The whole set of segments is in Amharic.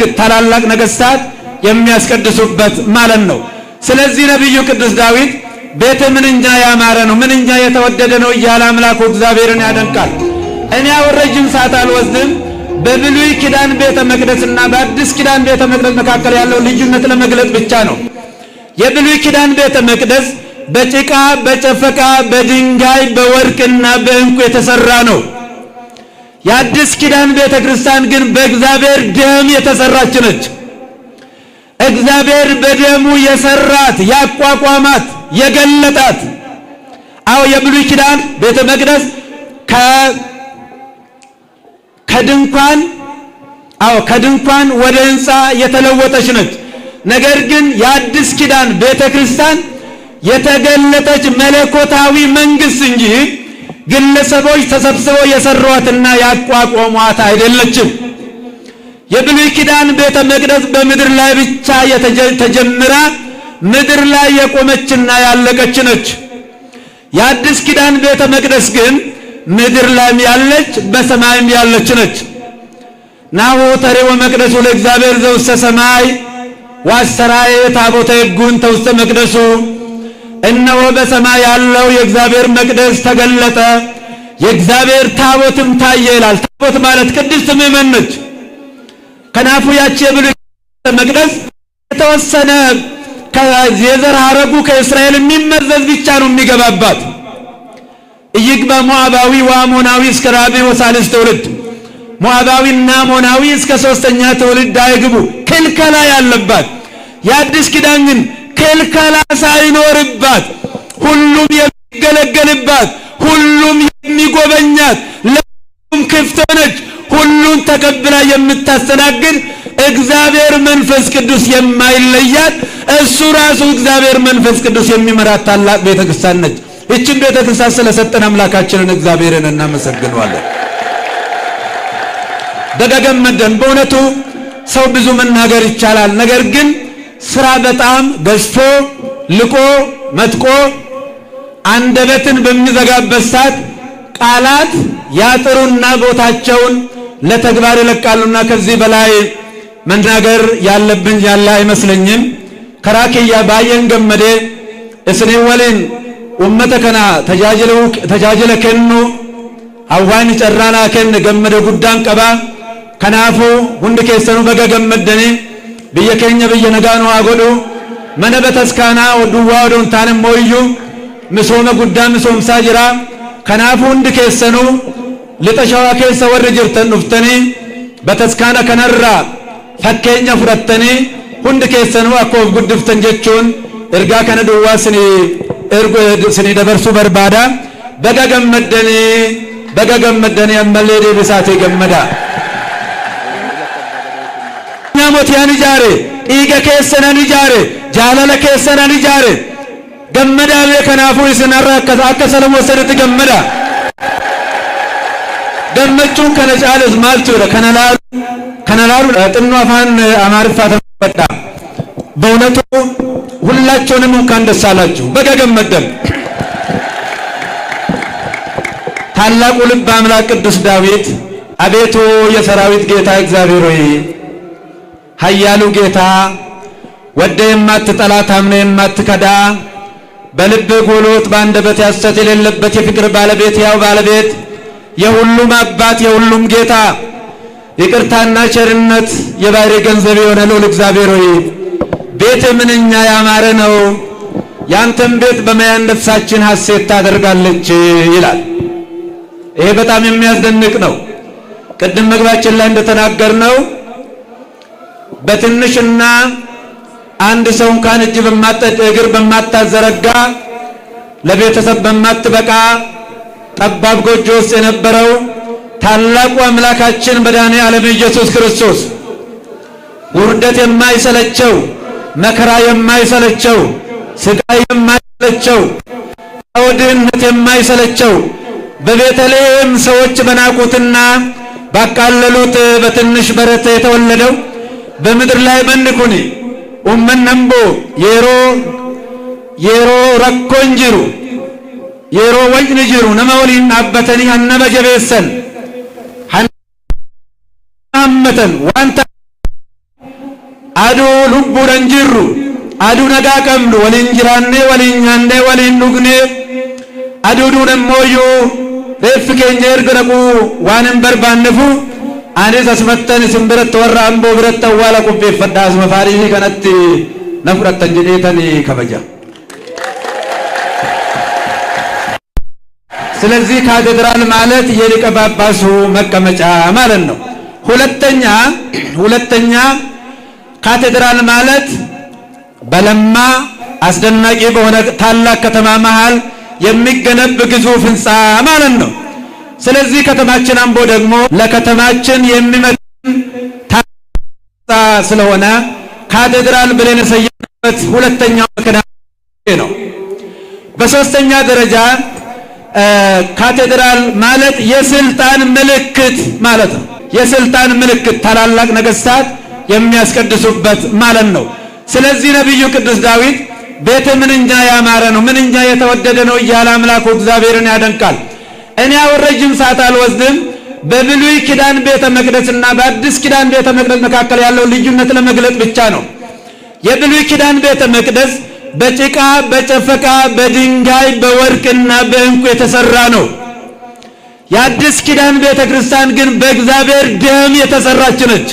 ምልክት ታላላቅ ነገስታት የሚያስቀድሱበት ማለት ነው። ስለዚህ ነቢዩ ቅዱስ ዳዊት ቤት ምንኛ ያማረ ነው፣ ምንኛ የተወደደ ነው እያለ አምላኩ እግዚአብሔርን ያደንቃል። እኔ አሁን ረጅም ሰዓት አልወስድም። በብሉይ ኪዳን ቤተ መቅደስና በአዲስ ኪዳን ቤተ መቅደስ መካከል ያለው ልዩነት ለመግለጥ ብቻ ነው። የብሉይ ኪዳን ቤተ መቅደስ በጭቃ፣ በጨፈቃ፣ በድንጋይ፣ በወርቅና በእንቁ የተሰራ ነው። የአዲስ ኪዳን ቤተ ክርስቲያን ግን በእግዚአብሔር ደም የተሰራች ነች። እግዚአብሔር በደሙ የሰራት ያቋቋማት፣ የገለጣት። አዎ የብሉይ ኪዳን ቤተ መቅደስ ከድንኳን አዎ ከድንኳን ወደ ሕንፃ የተለወጠች ነች። ነገር ግን የአዲስ ኪዳን ቤተ ክርስቲያን የተገለጠች መለኮታዊ መንግስት እንጂ ግለሰቦች ተሰብስበው የሰሯትና ያቋቋሟት አይደለችም። የብሉይ ኪዳን ቤተ መቅደስ በምድር ላይ ብቻ ተጀምራ ምድር ላይ የቆመችና ያለቀች ነች። የአዲስ ኪዳን ቤተ መቅደስ ግን ምድር ላይም ያለች በሰማይም ያለች ነች። ናሁ ተሬወ መቅደሱ ለእግዚአብሔር ዘውሰ ሰማይ ወአሰራየ ታቦተ ሕጉን ተውስተ መቅደሱ እነሆ በሰማይ ያለው የእግዚአብሔር መቅደስ ተገለጠ፣ የእግዚአብሔር ታቦትም ታየ ይላል። ታቦት ማለት ቅድስት ምዕመን ነች። ከናፉ ያቺ የብሉይ መቅደስ የተወሰነ የዘር ሐረጉ ከእስራኤል የሚመዘዝ ብቻ ነው የሚገባባት። ኢይግባ ሞዓባዊ ወአሞናዊ እስከ ራብዕ ወሣልስ ትውልድ፣ ሞዓባዊና ሞናዊ እስከ ሦስተኛ ትውልድ አይግቡ፣ ክልከላ ያለባት የአዲስ ኪዳን ግን ክልከላ ሳይኖርባት ሁሉም የሚገለገልባት፣ ሁሉም የሚጎበኛት፣ ለሁሉም ክፍት ሆነች። ሁሉን ተቀብላ የምታስተናግድ እግዚአብሔር መንፈስ ቅዱስ የማይለያት እሱ ራሱ እግዚአብሔር መንፈስ ቅዱስ የሚመራት ታላቅ ቤተ ክርስቲያን ነች። ይችን ቤተ ክርስቲያን ስለሰጠን አምላካችንን እግዚአብሔርን እናመሰግነዋለን። ደጋገመደን በእውነቱ ሰው ብዙ መናገር ይቻላል፣ ነገር ግን ስራ በጣም በዝቶ ልቆ መጥቆ አንደበትን በሚዘጋበት ሰዓት ቃላት ያጥሩና ቦታቸውን ለተግባር ይለቃሉና ከዚህ በላይ መናገር ያለብን ያለ አይመስለኝም። ከራክያ ባየን ገመዴ እስኔ ወሌን ኡመተ ከና ተጃጅለ ከኑ አዋን ጨራና ከን ገመደ ጉዳን ቀባ ከናፉ ሁንድ ኬሰኑ በገ ገመደኔ ብየ ከኘ ብየ ነጋኑ አጎዶ መነ በተስካና ወዱዋ ወዶንታንም ሞይዩ ምሶመ ጉዳ ምሶምሳ ጅራ ከናፉ ሁንድ ኬሰኑ ልጠሻዋ ኬሰ ወር ጅርተን ዱፍተኒ በተስካና ከነራ ፈኬኛ ፍረተኒ ሁንድ ኬሰኑ አኮፍ ጉድፍተን ጀቹን እርጋ ከነ ዱዋ ስኒ እርጎ ስኒ ደበርሱ በርባዳ በገገመደኒ በገገመደኒ አመሌ ዴብሳቴ ገመዳ ገዳሞትያን ጃሬ ጢገ ኬሰነን ጃሬ ጃለለ ኬሰነን ጃሬ ገመዳ ቤ ከናፉ ስነራ አከ ሰለም ወሰድት ገመዳ ገመቹን ከነጫለስ ማልቱ ረ ከነላሉ ከነላሉ አማርፋ ተፈጣ በእውነቱ ሁላቸውንም እንኳን ደስ አላችሁ። በገገመደም ታላቁ ልብ አምላክ ቅዱስ ዳዊት አቤቱ የሰራዊት ጌታ እግዚአብሔር ሆይ ኃያሉ ጌታ ወደ የማትጠላ ታምነ የማትከዳ በልብህ ጉልበት በአንደበት ያሰት የሌለበት የፍቅር ባለቤት ያው ባለቤት የሁሉም አባት የሁሉም ጌታ ይቅርታና ቸርነት የባህሪ ገንዘብ የሆነ ልዑል እግዚአብሔር ሆይ ቤት ምንኛ ያማረ ነው። ያንተም ቤት በመያን ነፍሳችን ሐሴት ታደርጋለች ይላል። ይሄ በጣም የሚያስደንቅ ነው። ቅድም መግባችን ላይ እንደተናገር ነው በትንሽና አንድ ሰው እንኳን እጅ እግር በማታዘረጋ ለቤተሰብ በማትበቃ ጠባብ ጎጆ ውስጥ የነበረው ታላቁ አምላካችን መድኃኔ ዓለም ኢየሱስ ክርስቶስ ውርደት የማይሰለቸው መከራ የማይሰለቸው ሥጋ የማይሰለቸው አውድነት የማይሰለቸው በቤተልሔም ሰዎች በናቁትና ባቃለሉት በትንሽ በረት የተወለደው በምድር ላይ መንኩኒ ኡመን ነንቦ የሮ የሮ ረኮን የሮ ወይን ጅሩ አበተኒ አነበ ጀቤሰን አመተን ዋንተ አዱ ልቡ ጅሩ አዱ ነጋ ቀምዱ ወሊን ጅራኔ ወሊን ኛንዴ ወሊን ዱግኔ አዱ ዱነሞዩ ሬፍ ኬንጀ ኤርገ ዋንን በርባንፉ anis as maxxanisin biratti warra hamboo biratti awwaala qopheeffadha asuma faarii kanatti na fudhattan jedheetan kabaja ስለዚህ ካቴድራል ማለት የሊቀ ጳጳሱ መቀመጫ ማለት ነው። ሁለተኛ ሁለተኛ ካቴድራል ማለት በለማ አስደናቂ በሆነ ታላቅ ከተማ መሃል የሚገነብ ግዙፍ ህንፃ ማለት ነው። ስለዚህ ከተማችን አምቦ ደግሞ ለከተማችን የሚመጥን ስለሆነ ካቴድራል ብለን የሰየመበት ሁለተኛው ምክንያት ነው። በሶስተኛ ደረጃ ካቴድራል ማለት የስልጣን ምልክት ማለት ነው። የስልጣን ምልክት ታላላቅ ነገስታት የሚያስቀድሱበት ማለት ነው። ስለዚህ ነቢዩ ቅዱስ ዳዊት ቤት ምንኛ ያማረ ነው፣ ምንኛ የተወደደ ነው እያለ አምላኩ እግዚአብሔርን ያደንቃል። እኔ ረጅም ሰዓት አልወስድም። በብሉይ ኪዳን ቤተ መቅደስና በአዲስ ኪዳን ቤተ መቅደስ መካከል ያለው ልዩነት ለመግለጽ ብቻ ነው። የብሉይ ኪዳን ቤተ መቅደስ በጭቃ በጨፈቃ በድንጋይ በወርቅና በእንቁ የተሰራ ነው። የአዲስ ኪዳን ቤተ ክርስቲያን ግን በእግዚአብሔር ደም የተሰራች ነች።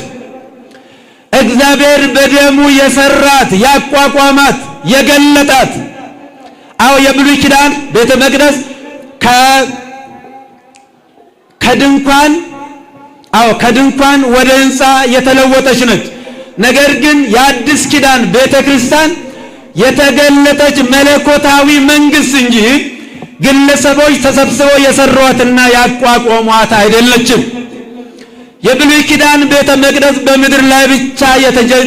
እግዚአብሔር በደሙ የሰራት ያቋቋማት፣ የገለጣት። አዎ የብሉይ ኪዳን ቤተ መቅደስ ከድንኳን አዎ ከድንኳን ወደ ህንፃ የተለወጠች ነች። ነገር ግን የአዲስ ኪዳን ቤተ ክርስቲያን የተገለጠች መለኮታዊ መንግስት እንጂ ግለሰቦች ተሰብስበው የሰሯትና ያቋቋሟት አይደለችም። የብሉይ ኪዳን ቤተ መቅደስ በምድር ላይ ብቻ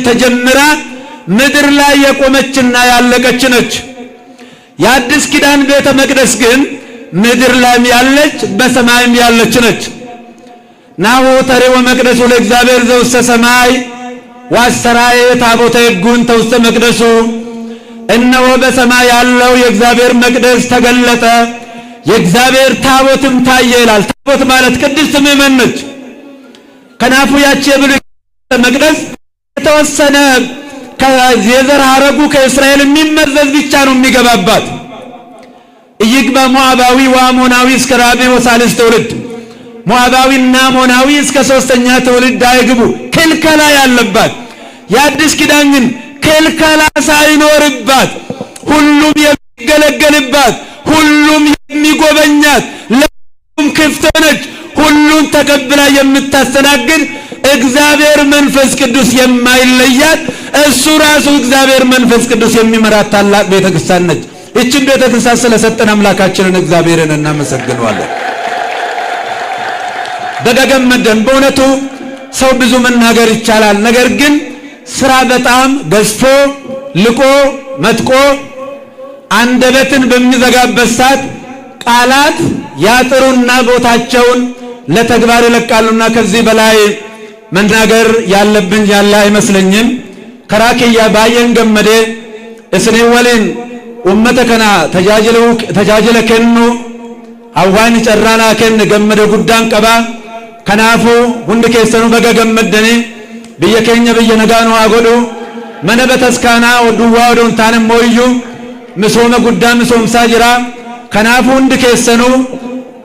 ተጀምራ ምድር ላይ የቆመችና ያለቀች ነች። የአዲስ ኪዳን ቤተ መቅደስ ግን ምድር ላይም ያለች በሰማይም ያለች ነች። ናሁ ተሬ መቅደሱ ለእግዚአብሔር ዘውሰ ሰማይ ዋሰራዬ ታቦተ ሕጉን ተውስተ መቅደሱ። እነሆ በሰማይ ያለው የእግዚአብሔር መቅደስ ተገለጠ፣ የእግዚአብሔር ታቦትም ታየ ይላል። ታቦት ማለት ቅድስት ምእመን ነች። ከናፉ ያቺ የብሉይ መቅደስ የተወሰነ የዘር ሐረጉ ከእስራኤል የሚመዘዝ ብቻ ነው የሚገባባት ኢይግባ ሞዓባዊ ወአሞናዊ እስከ ራብዕ ወሣልስ ትውልድ ሞዓባዊና አሞናዊ እስከ ሦስተኛ ትውልድ አይግቡ። ክልከላ ያለባት የአዲስ ኪዳን ግን ክልከላ ሳይኖርባት ሁሉም የሚገለገልባት፣ ሁሉም የሚጎበኛት፣ ለሁሉም ክፍት ነች። ሁሉን ተቀብላ የምታስተናግድ እግዚአብሔር መንፈስ ቅዱስ የማይለያት እሱ ራሱ እግዚአብሔር መንፈስ ቅዱስ የሚመራት ታላቅ ቤተ ነች። ይችን ቤተ ክርስቲያን ስለሰጠን አምላካችንን እግዚአብሔርን እናመሰግነዋለን። ደጋገም መደን በእውነቱ ሰው ብዙ መናገር ይቻላል። ነገር ግን ስራ በጣም ገዝፎ ልቆ መጥቆ አንደበትን በሚዘጋበት ሰዓት ቃላት ያጥሩና ቦታቸውን ለተግባር ይለቃሉና ከዚህ በላይ መናገር ያለብን ያለ አይመስለኝም። ከራኬያ ባየን ገመዴ እስኔ ወሌን ኡመተ ኡመተከና ተጃጅለ ከኑ አዋን ጨራና ከን ገመደ ጉዳን ቀባ ከናፉ ሁንድ ኬሰኑ በገ ገመደኔ ብየ ኬኘ ብየ ነጋኑ አጎዱ መነ በተስካና ወዱዋ ወዶን ታነ ሞይዩ ምሶመ ጉዳ ምሶምሳ ጅራ ከናፉ ሁንድ ኬሰኑ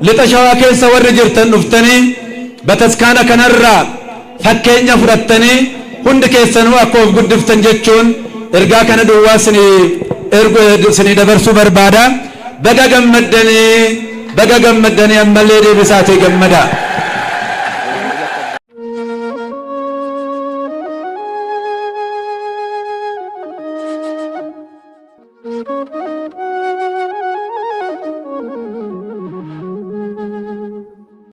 ልጠሻዋ ኬሰ ወር ጅርተን ዱፍተኔ በተስካና ከነራ ፈኬኛ ፍረተኔ ሁንድ ኬሰኑ አኮፍ ጉድፍተን ጀቾን እርጋ ከነ ዱዋስኒ እርቁስኒ ደበርሱ በርባዳ በገገመደኒ በገገመደኒ የመሌ ዴብሳቴ ገመዳ